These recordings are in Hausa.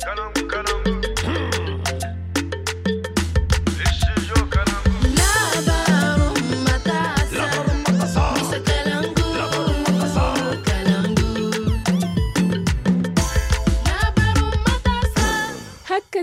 Canam, canam.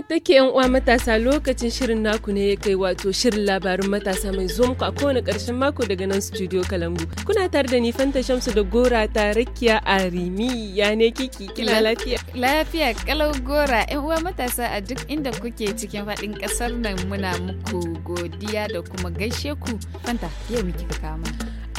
take yan uwa matasa lokacin shirin naku ne ya kai wato shirin labarin matasa mai zo muku a kowane karshen mako daga nan studio Kalangu. Kuna tare da ni Fanta Shamsu da Gora ta Rakiya rimi ya ne kiki kina lafiya. Lafiya kalau Gora yan uwa matasa a duk inda kuke cikin faɗin kasar nan muna muku godiya da kuma gaishe ku. Fanta yau miki kama.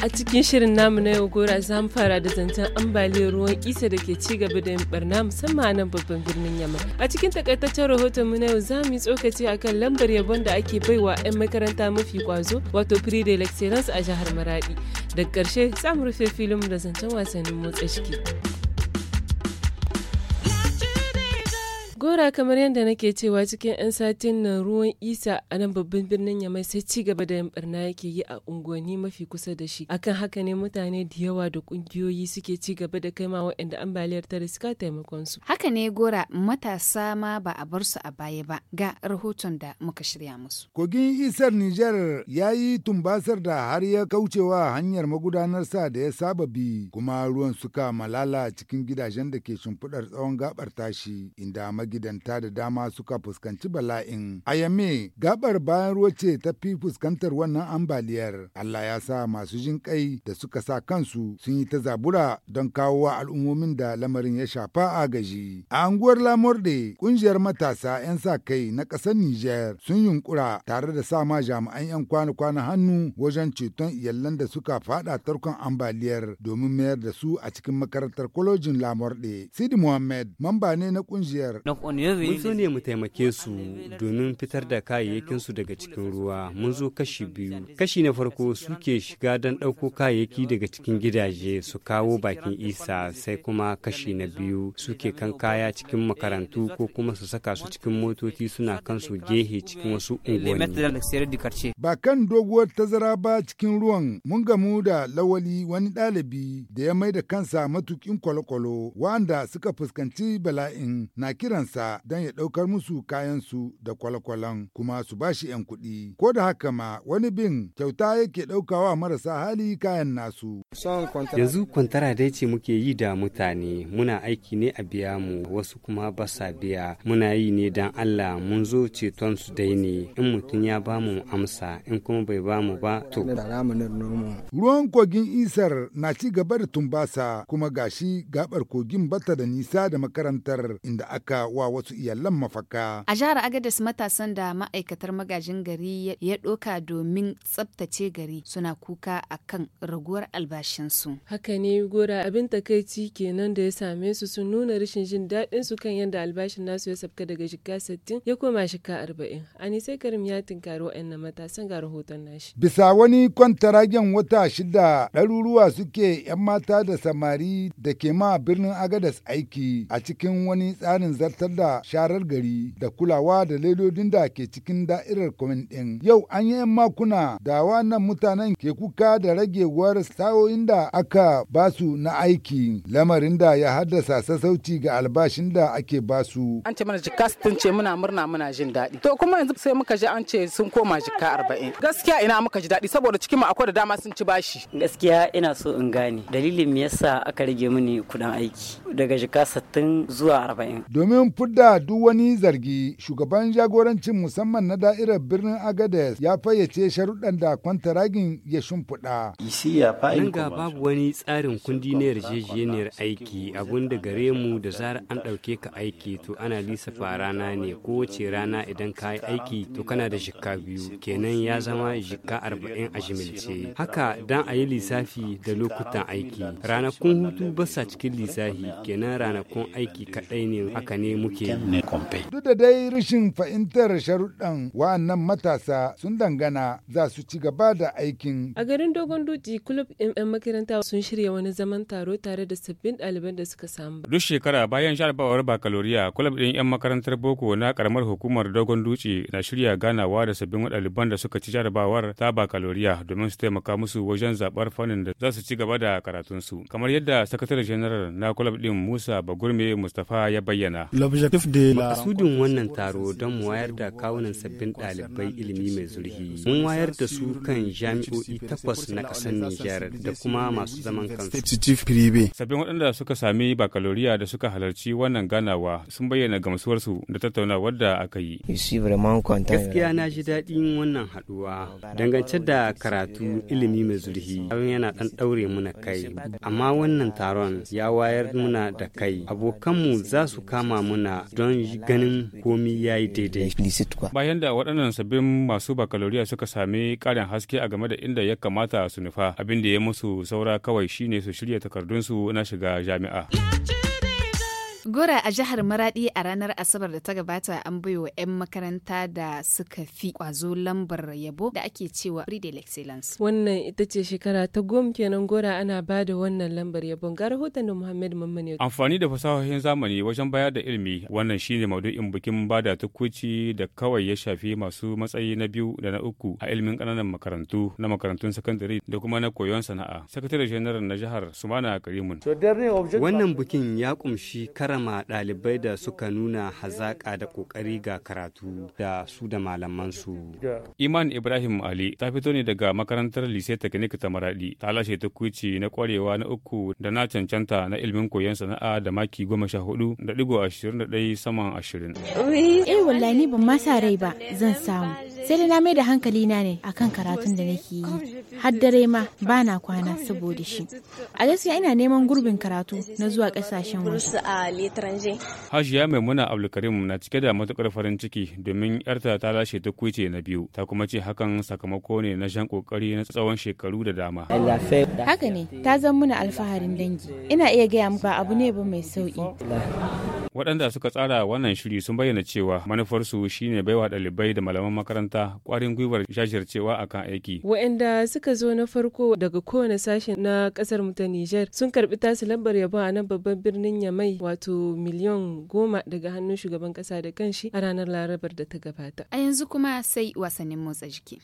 A cikin shirin namu na yau gora za mu fara da zancen ambaliyar ruwan isa da ke ci gaba da yin barna musamman a nan babban birnin Yamma. A cikin takaitaccen rahoton mu na yau za mu yi tsokaci akan lambar yabon da ake baiwa 'yan makaranta mafi kwazo wato Prix de a jihar Maradi. Daga ƙarshe za mu rufe filin da zancen wasannin motsa jiki. Gora kamar yadda nake cewa cikin 'yan satin nan ruwan isa a nan babban birnin Yamai sai ci gaba da barna yake yi a unguwanni mafi kusa da shi. Akan haka ne mutane da yawa da kungiyoyi suke ci gaba da kai ma waɗanda ambaliyar ta riska taimakon su. Haka ne Gora matasa ma ba a bar su a baya ba ga rahoton da muka shirya musu. Kogin isar Nijar ya yi tumbasar da har ya kaucewa hanyar magudanar sa da ya saba bi kuma ruwan suka malala cikin gidajen da ke shimfiɗar tsawon gabar tashi inda magidanta da dama suka fuskanci bala'in. A Yame, gabar bayan ruwa ce ta fi fuskantar wannan ambaliyar. Allah ya sa masu jin kai da suka sa kansu sun yi ta zabura don kawo wa al'ummomin da lamarin ya shafa a gaji A anguwar Lamorde, kungiyar matasa 'yan sa kai na ƙasar Nijar sun yunkura tare da sama jami'an 'yan kwana-kwana hannu wajen ceton iyalan da suka fada tarkon ambaliyar domin mayar da su a cikin makarantar kwalojin Lamorde. Sidi muhammed mamba ne na kungiyar. Mun zo ne mu taimake su domin fitar da kayayyakinsu daga cikin ruwa mun zo kashi biyu. Kashi na farko suke shiga don ɗauko kayayyaki daga cikin gidaje su kawo bakin isa sai kuma kashi na biyu suke kan kaya cikin makarantu ko kuma su saka su cikin motoci suna kan su gehe cikin wasu unguwanni. Ba kan doguwar tazara ba cikin ruwan mun gamu da lawali wani ɗalibi da ya mai da kansa matukin kwalokwalo wanda suka fuskanci bala'in na kiransa kansa don ya ɗaukar musu kayansu da kwalkwalan kuma su ba shi 'yan kuɗi. Ko da haka ma wani bin kyauta yake ɗaukawa marasa hali kayan nasu. Yanzu kwantara dai ce muke yi da mutane muna aiki ne a biya mu wasu kuma ba sa biya muna yi ne dan Allah mun zo ceton su dai ne in mutum ya ba mu amsa in kuma bai ba mu ba to. Ruwan kogin isar na ci gaba da tumbasa kuma gashi gabar kogin bata da nisa da makarantar inda aka wa wasu iyalan mafaka. A jihar Agadez matasan da ma'aikatar magajin gari ya doka domin tsabtace gari suna kuka a kan raguwar albashinsu. Haka ne gora abin takaici kenan da ya same su sun nuna rashin jin daɗin su kan yadda albashin nasu ya sabka daga shika sittin ya koma shika arba'in sai Karim ya tinkari wa'annan matasan ga rahoton nashi. Bisa wani kwantaragen wata shida ɗaruruwa suke 'yan mata da samari da ke ma birnin Agadez aiki a cikin wani tsarin zartar tabbatar da sharar gari da kulawa da ledodin da ke cikin da'irar kwamin ɗin. Yau an yi makuna da wannan mutanen ke kuka da ragewar sa'o'in da aka basu na aiki lamarin da ya haddasa sassauci ga albashin da ake basu. An ce mana jika tun ce muna murna muna jin daɗi. To kuma yanzu sai muka ji an ce sun koma jika arba'in. Gaskiya ina muka ji daɗi saboda cikin mu akwai da dama sun ci bashi. Gaskiya ina so in gane dalilin me yasa aka rage mini kuɗin aiki daga jika sattin zuwa arba'in. Domin fidda duk wani zargi, shugaban jagorancin musamman na da'irar birnin Agades ya fayyace sharuɗan da kwantaragin ya shimfiɗa. Nan ga babu wani tsarin kundi na yarjejeniyar aiki abun da gare mu da zar an ɗauke ka aiki to ana lissafa rana ne ko wace rana idan ka yi aiki to kana da jikka biyu kenan ya zama jikka arba'in a jimilce. Haka dan a yi lissafi da lokutan aiki ranakun hutu ba sa cikin lissafi kenan ranakun aiki kaɗai ne haka ne muke Duk da dai rashin fahimtar sharuɗan wa'annan matasa sun dangana za su ci gaba da aikin. A garin Dogon Duci, kulub 'yan makaranta sun shirya wani zaman taro tare da sabbin ɗaliban da suka samu. Duk shekara bayan jarabawar bakaloriya, kulub ɗin 'yan makarantar boko na karamar hukumar Dogon dutse na shirya ganawa da sabbin ɗaliban da suka ci jarabawar ta bakaloriya domin su taimaka musu wajen zaɓar fannin da za su ci gaba da karatunsu. Kamar yadda sakataren janar na kulub ɗin Musa Bagurme Mustapha ya bayyana. de Makasudin wannan taro don mu wayar da kawunan sabbin dalibai ilimi mai zurfi. Mun wayar da su kan jami'o'i takwas na ƙasar Nijar da kuma masu zaman kansu. Sabbin waɗanda suka sami bakaloriya da suka halarci wannan ganawa sun bayyana gamsuwarsu da tattaunawar da aka yi. Gaskiya na ji daɗin wannan haɗuwa dangance da karatu ilimi mai zurfi. yana ɗan ɗaure muna kai. Amma wannan taron ya wayar muna da kai. Abokanmu za su kama muna mana don ganin komi ya yi daidai. Bayan da waɗannan sabbin masu bakaloriya suka sami ƙarin haske a game da inda ya kamata su nufa abin da ya musu saura kawai shine su shirya takardunsu na shiga jami'a. Gora a jihar Maradi a ranar Asabar da ta gabata an baiwa 'yan makaranta da suka fi kwazo lambar yabo da ake cewa Riddle Excellence. Wannan ita ce shekara ta gom kenan Gora ana ba da wannan lambar yabon ga rahoton da Muhammad Mamman Amfani da fasahohin zamani wajen bayar da ilimi wannan shine maudu'in bikin Bada da tukuci da kawai ya shafi masu matsayi na biyu da na uku a ilimin ƙananan makarantu na makarantun sakandare da kuma na koyon sana'a. Sakatare janar na jihar Sumana Karimun. Wannan bikin ya kumshi kar karama ɗalibai da suka nuna hazaƙa da ƙoƙari ga karatu da su da malamansu. Iman Ibrahim Ali ta fito ne daga makarantar Lise Teknik ta Maradi ta lashe tukuci na kwarewa na uku da na cancanta na ilmin koyon sana'a da maki goma sha hudu da digo ashirin da ɗaya saman ashirin. Eh wallahi ni ban ma sa rai ba zan samu. sai dai na mai da hankali na ne akan karatun da nake yi har dare ma ba na kwana saboda shi a gaskiya ina neman gurbin karatu na zuwa kasashen waje hajiya maimuna abdulkarim na cike da matukar farin ciki domin yarta ta lashe ta na biyu ta kuma ce hakan sakamako ne na shan kokari na tsawon shekaru da dama haka ne ta zama muna alfaharin dangi ina iya gaya ba abu ne ba mai sauki Waɗanda suka tsara wannan shiri sun bayyana cewa manufarsu shine baiwa ɗalibai da malaman makaranta ƙwarin gwiwar jajircewa kan aiki. Waɗanda suka zo na farko daga kowane sashen na ƙasar mu ta Nijar sun karɓi tasu lambar yabo a nan babban birnin Yamai wato miliyan goma daga hannun shugaban ƙasa da kanshi a ranar Larabar da ta gabata. A yanzu kuma sai wasannin motsa jiki.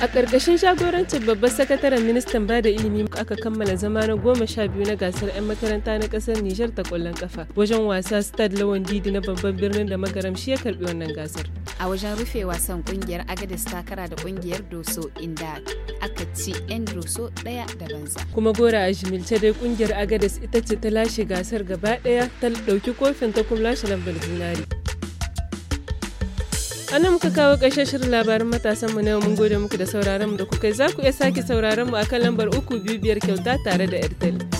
A ƙarƙashin shagorancin babban sakataren ministan ba da ilimi aka kammala zama na goma sha biyu na gasar 'yan makaranta na ƙasar Nijar ta ƙwallon kafa. Wajen wasa Stade Lawan Didi na babban birnin da magaram shi ya karɓi wannan gasar. A wajen rufe wasan ƙungiyar Agadis takara da ƙungiyar Doso inda aka ci 'yan Doso ɗaya da banza. Kuma gora a jimilce dai ƙungiyar Agadis ita ce ta lashe gasar gaba ɗaya ta ɗauki kofin ta kuma lashe lambar zinari. A nan muka kawo ƙarshen shirin labarin matasan mu na mun gode muku da sauraron mu da kuka yi. Za ku iya sake sauraron mu a kan lambar uku biyu biyar kyauta tare da Airtel.